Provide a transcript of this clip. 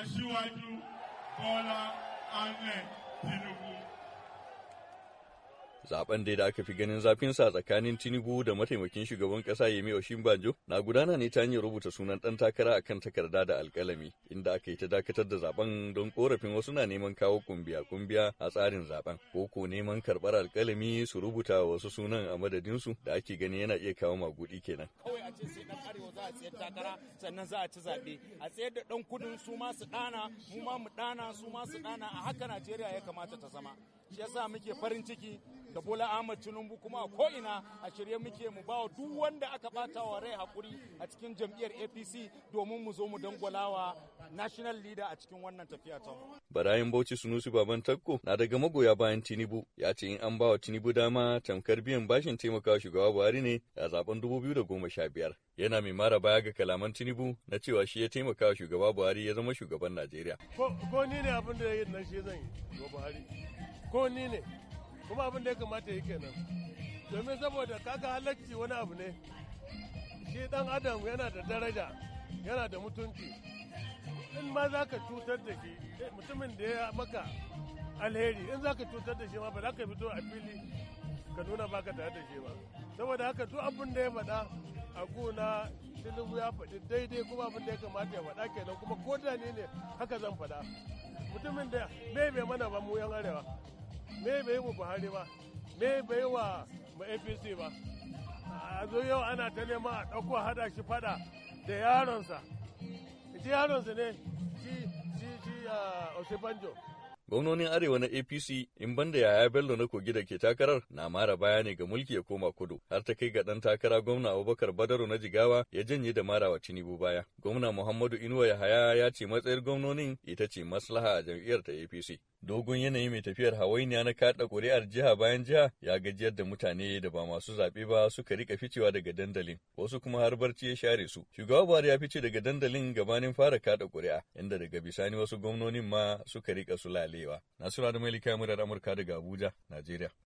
aṣíwájú Bọ́lá Ahmed Tinubu. Zaben dai da aka fi ganin zafin sa tsakanin Tinubu da mataimakin shugaban ƙasa Yemi Oshinbajo na gudana ne ta hanyar rubuta sunan ɗan takara akan takarda da alkalami inda aka yi ta dakatar da zaben don korafin wasu na neman kawo kumbiya-kumbiya a tsarin zaben ko ko neman karɓar alƙalami su rubuta wasu sunan a madadinsu da ake gani yana iya kawo magudi kenan. Kawai a ce sai ɗan arewa za a tsayar takara sannan za a ci zaɓe a tsayar da ɗan kudin su ma su ɗana mu ma mu ɗana su ma su ɗana a haka Najeriya ya kamata ta zama. shi yasa muke farin ciki da Bola Ahmad Tinubu kuma a ina a shirye muke mu bawa duk wanda aka bata wa rai hakuri a cikin jam'iyyar APC domin mu zo mu dangwalawa national leader a cikin wannan tafiya ta Barayin Bauchi Sunusi Baban Takko na daga magoya bayan Tinubu ya ce in an ba wa Tinubu dama tamkar biyan bashin taimakawa shugaba Buhari ne a zaben 2015. Yana mai mara baya ga kalaman Tinubu na cewa shi ya taimakawa shugaba Buhari ya zama shugaban Najeriya. Ko ni ne abin da ya yi na shi zan yi Buhari. ko ni ne kuma abin da ya kamata yi kenan domin saboda kaga halarci wani abu ne shi dan adam yana da daraja yana da mutunci in ma za ka cutar da shi mutumin da ya maka alheri in za ka cutar da shi ma ba za ka fito a fili ka nuna ba ka tare da shi ba saboda haka duk abin da ya faɗa a gona tinubu ya faɗi daidai kuma abin da ya kamata ya faɗa kenan kuma ko da ne haka zan faɗa mutumin da bai mana ba mu yan arewa me bai wa buhari ba me bai wa apc ba a zo yau ana ta nema a ɗauko hada shi fada da yaronsa shi yaronsa ne shi shi shi a ah, osibanjo Gwamnonin Arewa na APC in banda yaya Bello na kogi da ke takarar na mara baya ne ga mulki ya koma kudu har ta kai ga ɗan takara gwamna Abubakar badaro na Jigawa ya janye da marawa Tinubu baya. Gwamna Muhammadu Inuwa Yahaya ya ce matsayar gwamnonin ita ce maslaha a jam'iyyar ta APC. Dogon yanayi mai tafiyar hawainiya na kaɗa ƙuri'ar jiha bayan jiha ya gajiyar da mutane da ba masu zaɓe ba suka rika ficewa daga dandalin wasu kuma har barci ya share su. Shugaba Buhari ya fice daga dandalin gabanin fara kaɗa ƙuri'a inda daga bisani wasu gwamnonin ma suka rika sulale. arewa. Nasiru Adamu ya murar Amurka daga Abuja, Najeriya.